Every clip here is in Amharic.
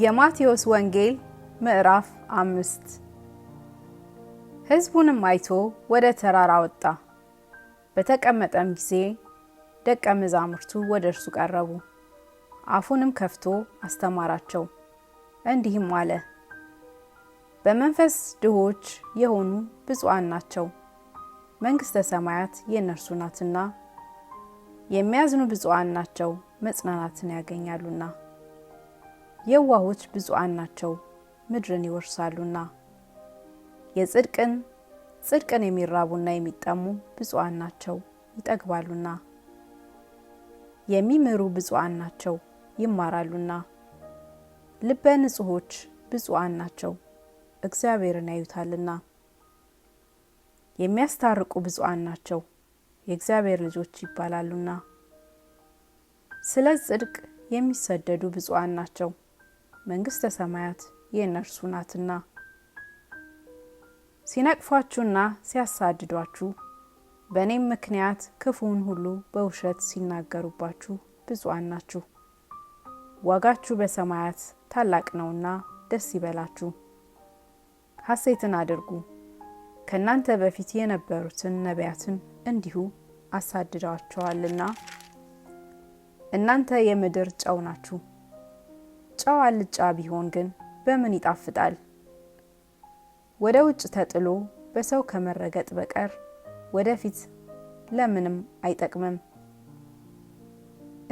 የማቴዎስ ወንጌል ምዕራፍ አምስት ሕዝቡንም አይቶ ወደ ተራራ ወጣ። በተቀመጠም ጊዜ ደቀ መዛሙርቱ ወደ እርሱ ቀረቡ። አፉንም ከፍቶ አስተማራቸው፣ እንዲህም አለ። በመንፈስ ድሆች የሆኑ ብፁዓን ናቸው፣ መንግሥተ ሰማያት የእነርሱ ናትና። የሚያዝኑ ብፁዓን ናቸው፣ መጽናናትን ያገኛሉና። የዋሆች ብፁዓን ናቸው ምድርን ይወርሳሉና። የጽድቅን ጽድቅን የሚራቡና የሚጠሙ ብፁዓን ናቸው ይጠግባሉና። የሚምሩ ብፁዓን ናቸው ይማራሉና። ልበ ንጹሖች ብፁዓን ናቸው እግዚአብሔርን ያዩታልና። የሚያስታርቁ ብፁዓን ናቸው የእግዚአብሔር ልጆች ይባላሉና። ስለ ጽድቅ የሚሰደዱ ብፁዓን ናቸው መንግሥተ ሰማያት የእነርሱ ናትና። ሲነቅፏችሁና ሲያሳድዷችሁ በእኔም ምክንያት ክፉውን ሁሉ በውሸት ሲናገሩባችሁ ብፁዓን ናችሁ። ዋጋችሁ በሰማያት ታላቅ ነውና ደስ ይበላችሁ፣ ሐሴትን አድርጉ። ከእናንተ በፊት የነበሩትን ነቢያትን እንዲሁ አሳድደዋቸዋልና እናንተ የምድር ጨው ናችሁ። ጨው አልጫ ቢሆን ግን በምን ይጣፍጣል? ወደ ውጭ ተጥሎ በሰው ከመረገጥ በቀር ወደፊት ለምንም አይጠቅምም።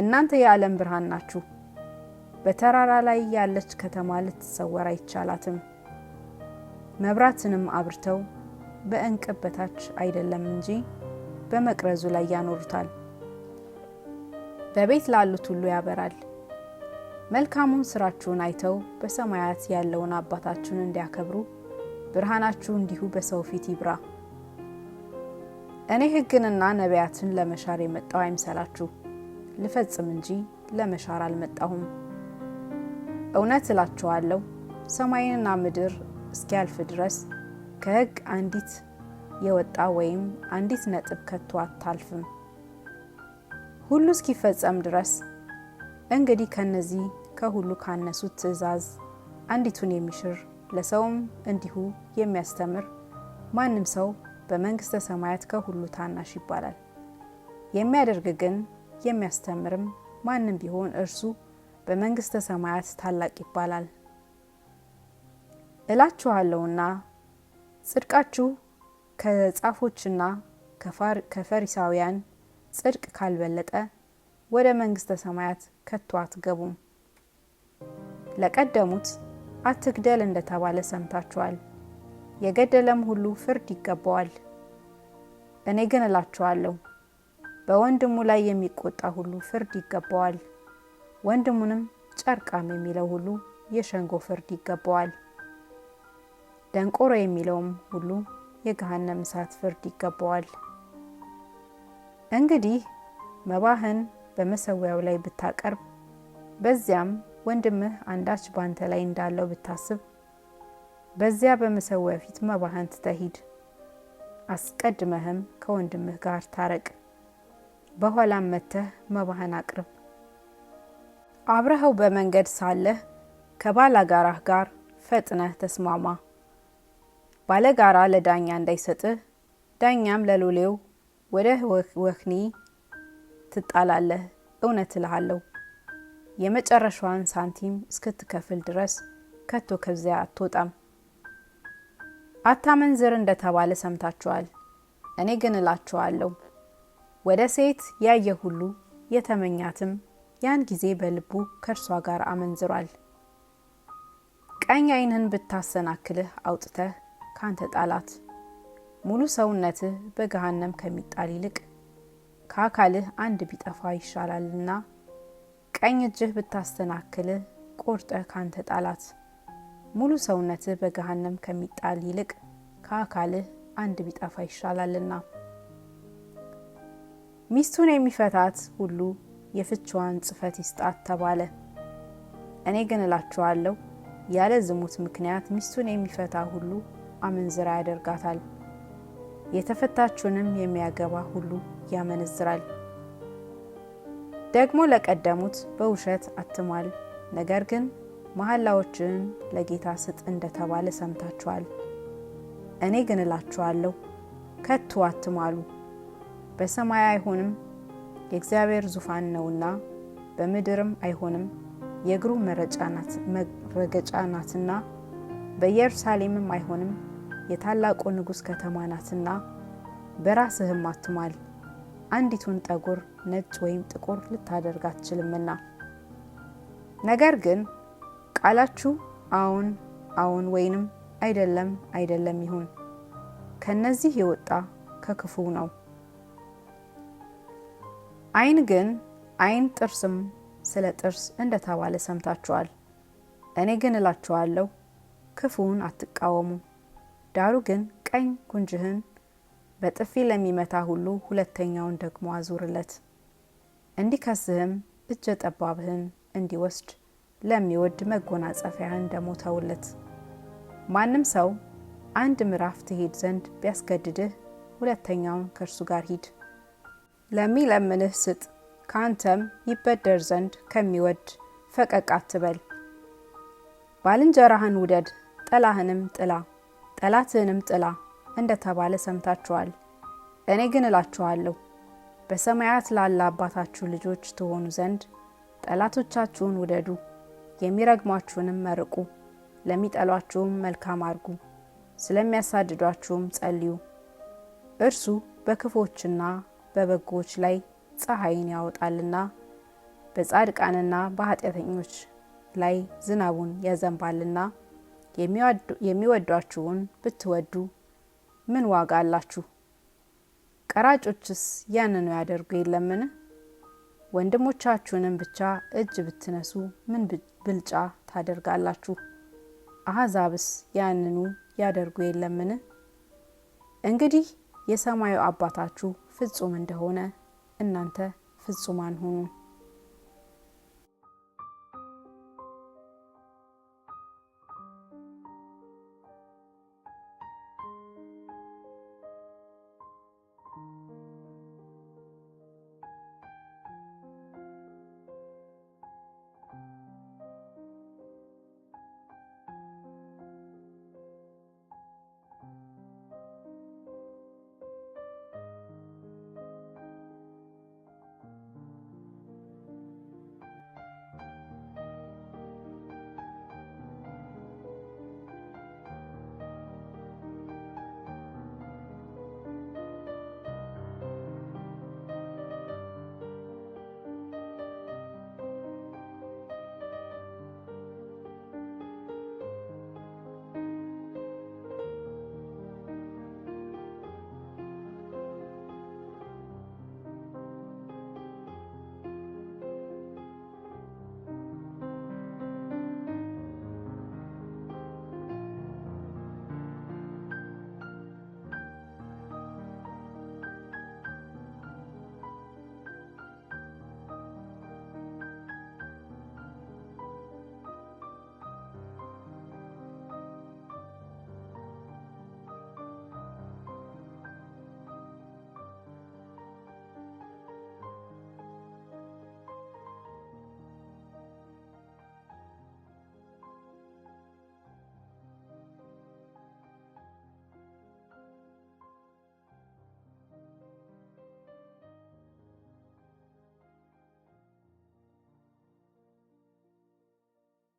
እናንተ የዓለም ብርሃን ናችሁ። በተራራ ላይ ያለች ከተማ ልትሰወር አይቻላትም። መብራትንም አብርተው በእንቅብ በታች አይደለም እንጂ በመቅረዙ ላይ ያኖሩታል፣ በቤት ላሉት ሁሉ ያበራል። መልካሙን ስራችሁን አይተው በሰማያት ያለውን አባታችሁን እንዲያከብሩ ብርሃናችሁ እንዲሁ በሰው ፊት ይብራ። እኔ ሕግንና ነቢያትን ለመሻር የመጣው አይምሰላችሁ፣ ልፈጽም እንጂ ለመሻር አልመጣሁም። እውነት እላችኋለሁ ሰማይንና ምድር እስኪያልፍ ድረስ ከሕግ አንዲት የወጣ ወይም አንዲት ነጥብ ከቶ አታልፍም። ሁሉ እስኪፈጸም ድረስ እንግዲህ ከነዚህ ከሁሉ ካነሱት ትእዛዝ አንዲቱን የሚሽር ለሰውም እንዲሁ የሚያስተምር ማንም ሰው በመንግሥተ ሰማያት ከሁሉ ታናሽ ይባላል። የሚያደርግ ግን የሚያስተምርም ማንም ቢሆን እርሱ በመንግሥተ ሰማያት ታላቅ ይባላል። እላችኋለሁና ጽድቃችሁ ከጻፎችና ከፈሪሳውያን ጽድቅ ካልበለጠ ወደ መንግሥተ ሰማያት ከቶ አትገቡም። ለቀደሙት አትግደል እንደተባለ ሰምታችኋል። የገደለም ሁሉ ፍርድ ይገባዋል። እኔ ግን እላችኋለሁ በወንድሙ ላይ የሚቆጣ ሁሉ ፍርድ ይገባዋል። ወንድሙንም ጨርቃም የሚለው ሁሉ የሸንጎ ፍርድ ይገባዋል። ደንቆሮ የሚለውም ሁሉ የገሃነም እሳት ፍርድ ይገባዋል። እንግዲህ መባህን በመሰዊያው ላይ ብታቀርብ በዚያም ወንድምህ አንዳች ባንተ ላይ እንዳለው ብታስብ በዚያ በመሰዊያ ፊት መባህን ትተሂድ አስቀድመህም ከወንድምህ ጋር ታረቅ፣ በኋላም መጥተህ መባህን አቅርብ። አብረኸው በመንገድ ሳለህ ከባላጋራህ ጋር ፈጥነህ ተስማማ። ባለጋራ ለዳኛ እንዳይሰጥህ፣ ዳኛም ለሎሌው ወደ ወህኒ ትጣላለህ። እውነት እልሃለሁ የመጨረሻዋን ሳንቲም እስክትከፍል ድረስ ከቶ ከዚያ አትወጣም። አታመንዝር እንደተባለ ሰምታችኋል። እኔ ግን እላችኋለሁ ወደ ሴት ያየ ሁሉ የተመኛትም ያን ጊዜ በልቡ ከእርሷ ጋር አመንዝሯል። ቀኝ ዓይንህን ብታሰናክልህ አውጥተህ ካንተ ጣላት። ሙሉ ሰውነትህ በገሃነም ከሚጣል ይልቅ ከአካልህ አንድ ቢጠፋ ይሻላልና። ቀኝ እጅህ ብታስተናክልህ ቆርጠህ ካንተ ጣላት። ሙሉ ሰውነትህ በገሃነም ከሚጣል ይልቅ ከአካልህ አንድ ቢጠፋ ይሻላልና። ሚስቱን የሚፈታት ሁሉ የፍችዋን ጽፈት ይስጣት ተባለ። እኔ ግን እላችኋለሁ ያለ ዝሙት ምክንያት ሚስቱን የሚፈታ ሁሉ አመንዝራ ያደርጋታል፣ የተፈታችውንም የሚያገባ ሁሉ ያመነዝራል። ደግሞ ለቀደሙት በውሸት አትሟል፣ ነገር ግን መሐላዎችን ለጌታ ስጥ እንደተባለ ሰምታችኋል። እኔ ግን እላችኋለሁ ከቱ አትማሉ። በሰማይ አይሆንም የእግዚአብሔር ዙፋን ነውና፣ በምድርም አይሆንም የእግሩ መረገጫ ናትና፣ በኢየሩሳሌምም አይሆንም የታላቁ ንጉሥ ከተማ ናትና፣ በራስህም አትማል። አንዲቱን ጠጉር ነጭ ወይም ጥቁር ልታደርግ አትችልምና። ነገር ግን ቃላችሁ አሁን አሁን ወይንም አይደለም አይደለም ይሁን ከነዚህ የወጣ ከክፉ ነው። አይን ግን አይን ጥርስም ስለ ጥርስ እንደተባለ ሰምታችኋል። እኔ ግን እላችኋለሁ ክፉውን አትቃወሙ። ዳሩ ግን ቀኝ ጉንጅህን በጥፊ ለሚመታ ሁሉ ሁለተኛውን ደግሞ አዙርለት። እንዲከስህም እጀ ጠባብህን እንዲወስድ ለሚወድ መጎናጸፊያህን ደግሞ ተውለት። ማንም ሰው አንድ ምዕራፍ ትሄድ ዘንድ ቢያስገድድህ ሁለተኛውን ከእርሱ ጋር ሂድ። ለሚለምንህ ስጥ፣ ከአንተም ይበደር ዘንድ ከሚወድ ፈቀቅ አትበል። ባልንጀራህን ውደድ፣ ጠላህንም ጥላ፣ ጠላትህንም ጥላ እንደተባለ ሰምታችኋል። እኔ ግን እላችኋለሁ በሰማያት ላለ አባታችሁ ልጆች ትሆኑ ዘንድ ጠላቶቻችሁን ውደዱ፣ የሚረግሟችሁንም መርቁ፣ ለሚጠሏችሁም መልካም አርጉ፣ ስለሚያሳድዷችሁም ጸልዩ። እርሱ በክፎችና በበጎዎች ላይ ፀሐይን ያወጣልና በጻድቃንና በኃጢአተኞች ላይ ዝናቡን ያዘንባልና የሚወዷችሁን ብትወዱ ምን ዋጋ አላችሁ? ቀራጮችስ ያንኑ ያደርጉ የለምን? ወንድሞቻችሁንም ብቻ እጅ ብትነሱ ምን ብልጫ ታደርጋላችሁ? አሕዛብስ ያንኑ ያደርጉ የለምን? እንግዲህ የሰማዩ አባታችሁ ፍጹም እንደሆነ እናንተ ፍጹማን ሁኑ።